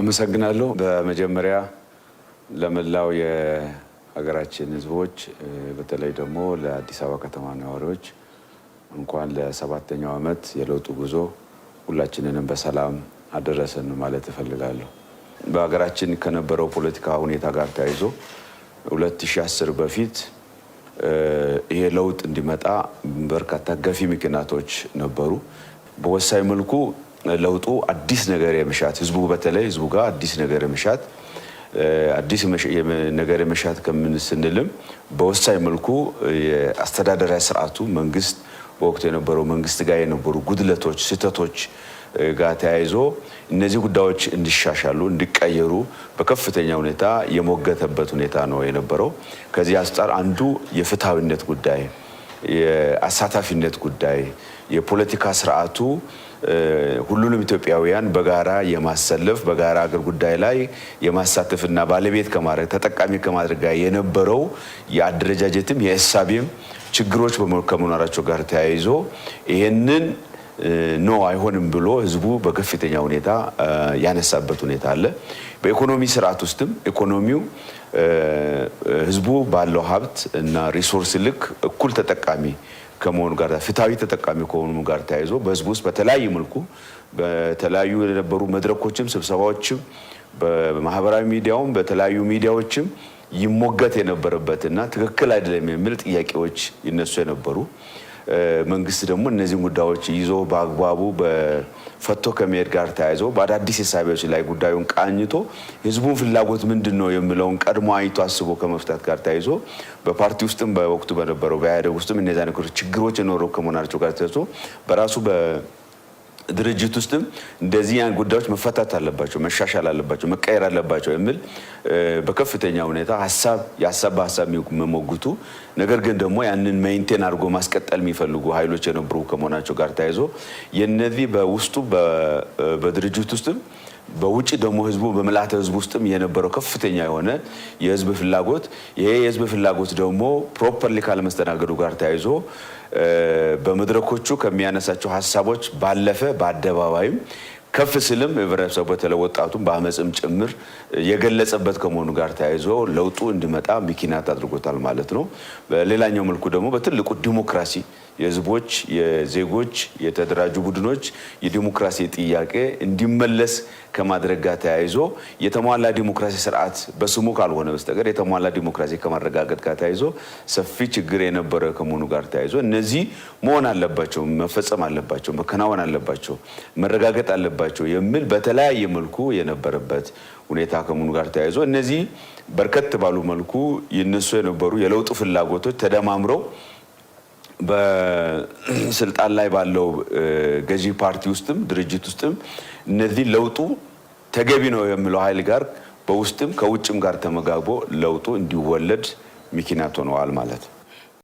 አመሰግናለሁ። በመጀመሪያ ለመላው የሀገራችን ህዝቦች በተለይ ደግሞ ለአዲስ አበባ ከተማ ነዋሪዎች እንኳን ለሰባተኛው ዓመት የለውጡ ጉዞ ሁላችንንም በሰላም አደረሰን ማለት እፈልጋለሁ። በሀገራችን ከነበረው ፖለቲካ ሁኔታ ጋር ተያይዞ 2010 በፊት ይሄ ለውጥ እንዲመጣ በርካታ ገፊ ምክንያቶች ነበሩ። በወሳኝ መልኩ ለውጡ አዲስ ነገር የመሻት ህዝቡ በተለይ ህዝቡ ጋር አዲስ ነገር የመሻት አዲስ ነገር የመሻት ከምን ስንልም በወሳኝ መልኩ የአስተዳደራዊ ስርዓቱ መንግስት በወቅቱ የነበረው መንግስት ጋር የነበሩ ጉድለቶች፣ ስህተቶች ጋር ተያይዞ እነዚህ ጉዳዮች እንዲሻሻሉ እንዲቀየሩ በከፍተኛ ሁኔታ የሞገተበት ሁኔታ ነው የነበረው። ከዚህ አንጻር አንዱ የፍትሐዊነት ጉዳይ፣ የአሳታፊነት ጉዳይ የፖለቲካ ስርዓቱ ሁሉንም ኢትዮጵያውያን በጋራ የማሰለፍ በጋራ አገር ጉዳይ ላይ የማሳተፍና ባለቤት ከማድረግ ተጠቃሚ ከማድረግ ጋር የነበረው የአደረጃጀትም የእሳቤም ችግሮች ከመኖራቸው ጋር ተያይዞ ይህንን ኖ አይሆንም ብሎ ህዝቡ በከፍተኛ ሁኔታ ያነሳበት ሁኔታ አለ። በኢኮኖሚ ስርዓት ውስጥም ኢኮኖሚው ህዝቡ ባለው ሀብት እና ሪሶርስ ልክ እኩል ተጠቃሚ ከመሆኑ ጋር ፍትሐዊ ተጠቃሚ ከሆኑ ጋር ተያይዞ በህዝቡ ውስጥ በተለያየ መልኩ በተለያዩ የነበሩ መድረኮችም ስብሰባዎችም በማህበራዊ ሚዲያውም በተለያዩ ሚዲያዎችም ይሞገት የነበረበትና ትክክል አይደለም የሚል ጥያቄዎች ይነሱ የነበሩ መንግስት ደግሞ እነዚህን ጉዳዮች ይዞ በአግባቡ በፈቶ ከመሄድ ጋር ተያይዞ በአዳዲስ እሳቤዎች ላይ ጉዳዩን ቃኝቶ ህዝቡን ፍላጎት ምንድን ነው የሚለውን ቀድሞ አይቶ አስቦ ከመፍታት ጋር ተያይዞ በፓርቲ ውስጥም በወቅቱ በነበረው በኢህአዴግ ውስጥም እነዚ ነገሮች ችግሮች የኖረው ከመሆናቸው ጋር ተያይዞ በራሱ ድርጅት ውስጥም እንደዚህ ያን ጉዳዮች መፈታት አለባቸው፣ መሻሻል አለባቸው፣ መቀየር አለባቸው የሚል በከፍተኛ ሁኔታ ሀሳብ የሀሳብ በሀሳብ የሚሞግቱ ነገር ግን ደግሞ ያንን ሜንቴን አድርጎ ማስቀጠል የሚፈልጉ ኃይሎች የነበሩ ከመሆናቸው ጋር ተያይዞ የነዚህ በውስጡ በድርጅት ውስጥም በውጭ ደግሞ ህዝቡ በምልአተ ህዝብ ውስጥም የነበረው ከፍተኛ የሆነ የህዝብ ፍላጎት ይሄ የህዝብ ፍላጎት ደግሞ ፕሮፐርሊ ካለመስተናገዱ ጋር ተያይዞ በመድረኮቹ ከሚያነሳቸው ሀሳቦች ባለፈ በአደባባይም ከፍ ስልም ህብረተሰቡ በተለይ ወጣቱም በአመፅም ጭምር የገለጸበት ከመሆኑ ጋር ተያይዞ ለውጡ እንዲመጣ ምክንያት አድርጎታል ማለት ነው። በሌላኛው መልኩ ደግሞ በትልቁ ዲሞክራሲ የህዝቦች፣ የዜጎች፣ የተደራጁ ቡድኖች የዲሞክራሲ ጥያቄ እንዲመለስ ከማድረግ ጋር ተያይዞ የተሟላ ዲሞክራሲ ስርዓት በስሙ ካልሆነ በስተቀር የተሟላ ዲሞክራሲ ከማረጋገጥ ጋር ተያይዞ ሰፊ ችግር የነበረ ከመሆኑ ጋር ተያይዞ እነዚህ መሆን አለባቸው፣ መፈጸም አለባቸው፣ መከናወን አለባቸው፣ መረጋገጥ አለባቸው የሚል በተለያየ መልኩ የነበረበት ሁኔታ ከመሆኑ ጋር ተያይዞ እነዚህ በርከት ባሉ መልኩ ይነሱ የነበሩ የለውጥ ፍላጎቶች ተደማምረው በስልጣን ላይ ባለው ገዢ ፓርቲ ውስጥም ድርጅት ውስጥም እነዚህ ለውጡ ተገቢ ነው የሚለው ኃይል ጋር በውስጥም ከውጭም ጋር ተመጋግቦ ለውጡ እንዲወለድ ምክንያት ሆነዋል ማለት ነው።